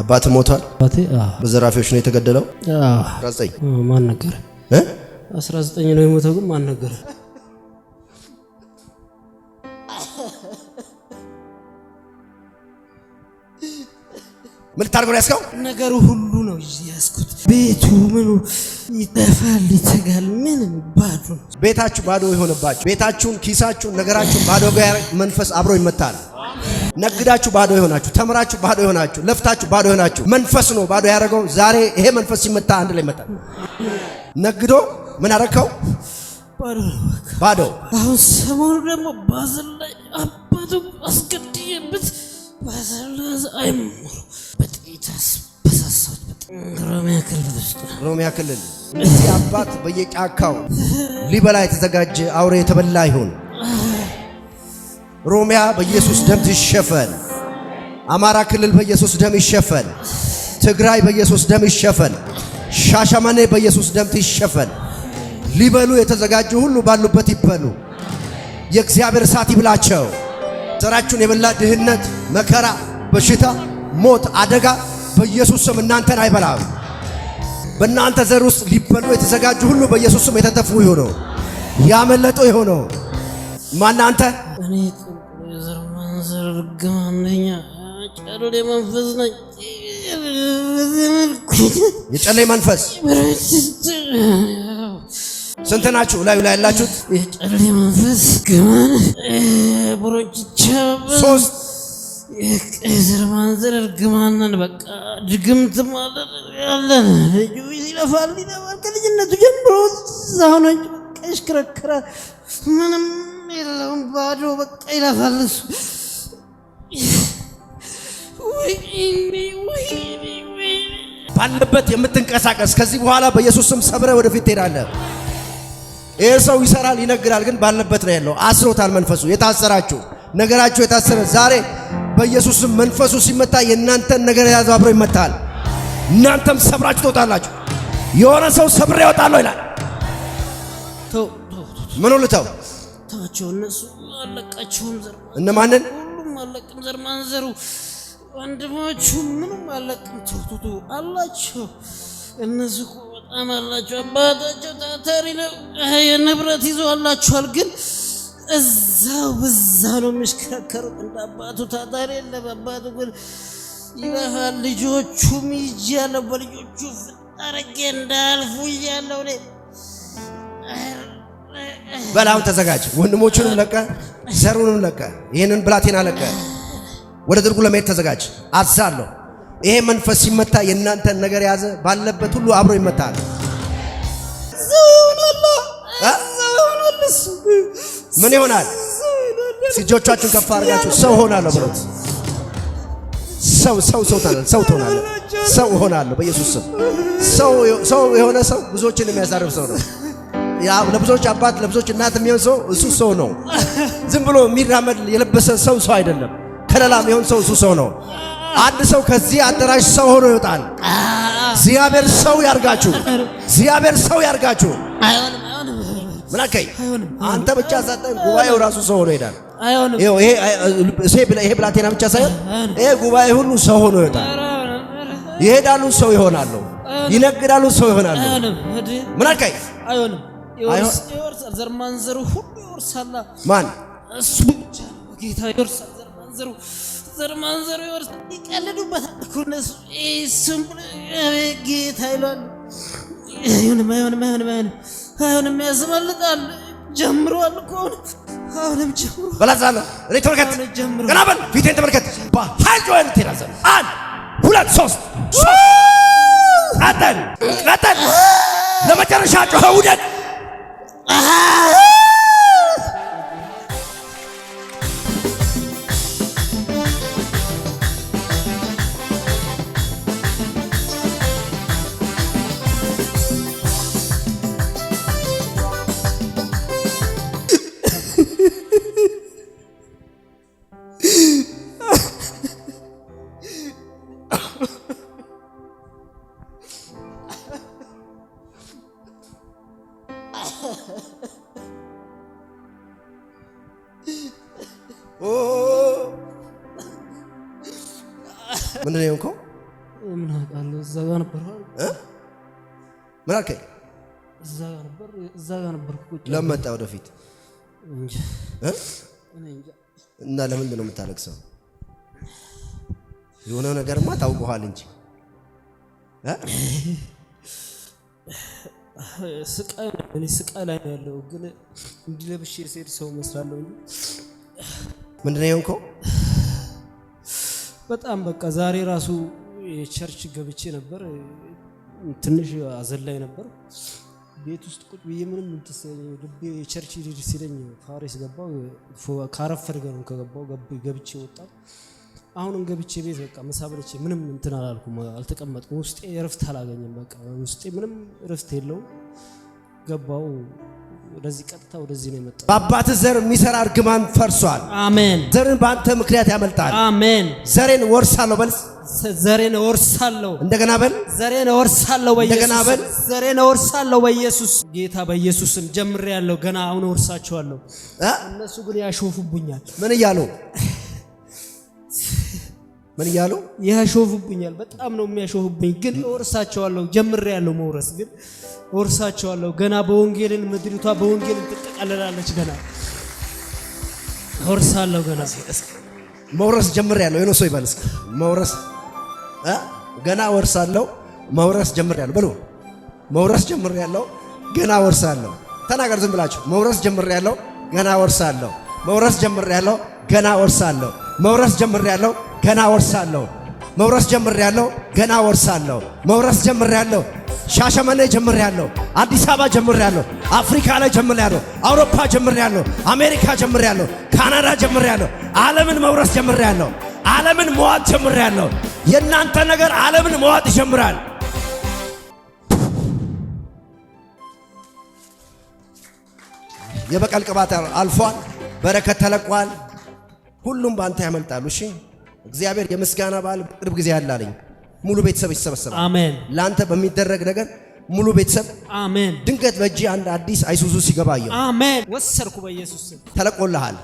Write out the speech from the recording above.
አባት ሞቷል። አባቴ በዘራፊዎች ነው የተገደለው። 19 ማን ነገር እ 19 ነው የሞተው ግን ማን ነገር ምን ታርጎ ነው ያስከው? ነገሩ ሁሉ ነው ያስኩት። ቤቱ ምኑ ይጠፋል፣ ይተጋል። ምንም ባዶ ቤታችሁ ባዶ የሆነባችሁ ቤታችሁን፣ ኪሳችሁን፣ ነገራችሁን ባዶ ጋር መንፈስ አብሮ ይመታል። ነግዳችሁ ባዶ የሆናችሁ፣ ተምራችሁ ባዶ የሆናችሁ፣ ለፍታችሁ ባዶ የሆናችሁ፣ መንፈስ ነው ባዶ ያደረገው። ዛሬ ይሄ መንፈስ ሲመታ አንድ ላይ መጣ። ነግዶ ምን አደረከው? ባዶ። አሁን ሰሞኑ ደግሞ ባዘን ላይ አባቱ አስገድዬበት ባዘላዝ አይሞሩ በጥቂት አስበሳሳት ሮሚያ ክልል እዚህ አባት በየጫካው ሊበላ የተዘጋጀ አውሬ የተበላ ይሁን ሮሚያ በኢየሱስ ደም ትሸፈን። አማራ ክልል በኢየሱስ ደም ይሸፈን። ትግራይ በኢየሱስ ደም ይሸፈን። ሻሸመኔ በኢየሱስ ደም ትሸፈን። ሊበሉ የተዘጋጁ ሁሉ ባሉበት ይበሉ። የእግዚአብሔር እሳት ይብላቸው። ዘራችሁን የበላ ድህነት፣ መከራ፣ በሽታ፣ ሞት፣ አደጋ በኢየሱስ ስም እናንተን አይበላም። በእናንተ ዘር ውስጥ ሊበሉ የተዘጋጁ ሁሉ በኢየሱስ ስም የተተፉ ይሆኑ፣ ያመለጡ ይሆኑ። ማናንተ የጨለይ መንፈስ ስንት ናችሁ? ላዩ ላይ ያላችሁት የጨለይ መንፈስ ግመን ቦሮችቻ ሶስት የዘር ማንዘር እርግማነን በቃ ድግምት ማለት ያለን ልጁ ይለፋል ይለፋል ከልጅነቱ ጀምሮ ዛሁነች ቀሽክረክረ ምንም የለውም ባዶ በቃ ይላታል ባለበት የምትንቀሳቀስ ከዚህ በኋላ በኢየሱስ ስም ሰብረ ወደፊት ትሄዳለህ። ይህ ሰው ይሰራል፣ ይነግራል፣ ግን ባለበት ነው ያለው። አስሮታል መንፈሱ። የታሰራችሁ ነገራችሁ የታሰረ ዛሬ በኢየሱስ ስም መንፈሱ ሲመታ የእናንተን ነገር የያዘ አብሮ ይመታል። እናንተም ሰብራችሁ ትወጣላችሁ። የሆነ ሰው ሰብሬ ይወጣለሁ ይላል። ምን ልተው ተዋቸው፣ እነሱ አለቃቸውም ዘር እነማንን ሁሉም አለቅም፣ ዘር ማንዘሩ ወንድሞቹ ምንም አለቅም፣ ተውቱቱ አላቸው። እነዚህ በጣም አላቸው። አባታቸው ታታሪ ነው፣ የንብረት ይዞ አላቸዋል። ግን እዛው በዛ ነው የሚሽከረከሩት። እንደ አባቱ ታታሪ የለም። አባቱ ግን ይበሃል። ልጆቹም ይዤ ያለው በልጆቹ ፍጣረጌ እንዳልፉ እያለው በላም ተዘጋጅ። ወንድሞቹንም ለቀ፣ ዘሩንም ለቀ፣ ይህንን ብላቴና ለቀ። ወደ ድርጉ ለመሄድ ተዘጋጅ። አዛለሁ። ይሄ መንፈስ ሲመታ የእናንተን ነገር የያዘ ባለበት ሁሉ አብሮ ይመታል። ምን ይሆናል? እጆቻችሁን ከፍ አድርጋችሁ ሰው ሆናለሁ ብሎ ሰው ሰው ሰው ሰው ትሆናለህ። ሰው ሆናለሁ በኢየሱስ ስም። ሰው የሆነ ሰው ብዙዎችን የሚያሳርፍ ሰው ነው። ለብዙዎች አባት ለብዙዎች እናት የሚሆን ሰው እሱ ሰው ነው። ዝም ብሎ የሚራመድ የለበሰ ሰው ሰው አይደለም። ከለላ የሚሆን ሰው እሱ ሰው ነው። አንድ ሰው ከዚህ አዳራሽ ሰው ሆኖ ይወጣል። እግዚአብሔር ሰው ያርጋችሁ። እግዚአብሔር ሰው ያርጋችሁ። ምን አልከኝ? አንተ ብቻ ሳይሆን ጉባኤው ራሱ ሰው ሆኖ ይሄዳል። ይሄ ብላቴና ብቻ ሳይሆን ይሄ ጉባኤ ሁሉ ሰው ሆኖ ይወጣል። ይሄዳሉ፣ ሰው ይሆናሉ። ይነግዳሉ፣ ሰው ይሆናሉ። ምን አልከኝ? ዘር ማንዘሩ ሁሉ ይወርሳል። ማን እሱ ብቻ ነው ጌታ ይወርሳል። ዘር ማንዘሩ ዘር ማንዘሩ ይወርሳል። ይቀልዱበታል እኮ እነሱ ስም ጌታ ይሏል። አይሆንም፣ አይሆንም፣ አይሆንም፣ አይሆንም፣ አይሆንም። ጀምሯል እኮ አሁንም ጀምሮ በላዛለ እኔ ተመልከት፣ ገና በል ፊቴን ተመልከት። ጆይን አንድ ሁለት ሶስት ቀጠል ቀጠል ለመጨረሻ ጮኸ ውደድ Ah! ምንድን ነው የሆንከው? ምን አውቃለሁ። እዛ ምን አልከኝ? እዛ ነበር፣ ለምን መጣ ወደፊት? እና ለምንድን ነው የምታለቅሰው? የሆነው ነገርማ ታውቀዋል እንጂ ስቃይ እኔ ስቃይ ላይ ነው ያለው። ግን እንዲለብሽ የሴድ ሰው መስላለሁ። ምንድን ነው የሆንከው? በጣም በቃ ዛሬ ራሱ የቸርች ገብቼ ነበር። ትንሽ አዘላይ ነበር። ቤት ውስጥ ቁጭ ብዬ ምንም ልቤ የቸርች ሊድ ሲለኝ ፋሪስ ገባው። ካረፈድ ገ ከገባው ገብቼ ወጣ። አሁንም ገብቼ ቤት በቃ ምሳ በልቼ ምንም እንትን አላልኩም፣ አልተቀመጥኩም። ውስጤ እረፍት አላገኘም። በቃ ውስጤ ምንም እረፍት የለውም። ገባው ወደዚህ ቀጥታ ወደዚህ ነው የመጣው። በአባት ዘር የሚሰራ እርግማን ፈርሷል። አሜን። ዘርን በአንተ ምክንያት ያመልጣል። አሜን። ዘሬን ወርሳለሁ በል። ዘሬን ወርሳለሁ። እንደገና በል። ዘሬን ወርሳለሁ በኢየሱስ። እንደገና በል። ዘሬን ወርሳለሁ በኢየሱስ ጌታ በኢየሱስም ጀምሬያለሁ። ገና አሁን ወርሳቸዋለሁ። እነሱ ግን ያሾፉብኛል። ምን እያሉ ምን እያሉ ያሾፉብኛል። በጣም ነው የሚያሾፉብኝ፣ ግን እወርሳቸዋለሁ። ጀምሬያለሁ መውረስ፣ ግን እወርሳቸዋለሁ። ገና በወንጌልን ምድሪቷ በወንጌልን ትጠቃለላለች። ገና እወርሳለሁ። ገና መውረስ ጀምሬያለሁ። የሆነ ሰው ይበል እስኪ መውረስ፣ ገና እወርሳለሁ። መውረስ ጀምሬያለሁ። በሉ መውረስ ጀምሬያለሁ፣ ገና እወርሳለሁ። ተናገር፣ ዝም ብላችሁ መውረስ ጀምሬያለሁ፣ ገና እወርሳለሁ። መውረስ ጀምሬያለሁ፣ ገና እወርሳለሁ። መውረስ ጀምሬያለሁ ገና ወርሳለሁ። መውረስ ጀምሬያለሁ። ገና ወርሳለሁ። መውረስ ጀምሬያለሁ። ሻሸመኔ ጀምሬያለሁ። አዲስ አበባ ጀምሬያለሁ። አፍሪካ ላይ ጀምሬያለሁ። አውሮፓ ጀምሬያለሁ። አሜሪካ ጀምሬያለሁ። ካናዳ ጀምሬያለሁ። ዓለምን መውረስ ጀምሬያለሁ። ዓለምን መዋጥ ጀምሬያለሁ። የእናንተ ነገር ዓለምን መዋጥ ይጀምራል። የበቀል ቅባት አልፏል። በረከት ተለቋል። ሁሉም በአንተ ያመልጣሉ። እሺ እግዚአብሔር የምስጋና በዓል በቅርብ ጊዜ ያለ አለኝ። ሙሉ ቤተሰብ ይሰበሰባል። አሜን። ለአንተ በሚደረግ ነገር ሙሉ ቤተሰብ አሜን። ድንገት በእጅ አንድ አዲስ አይሱዙ ሲገባ አየሁ። አሜን። ወሰርኩ በኢየሱስ ተለቆልሃል።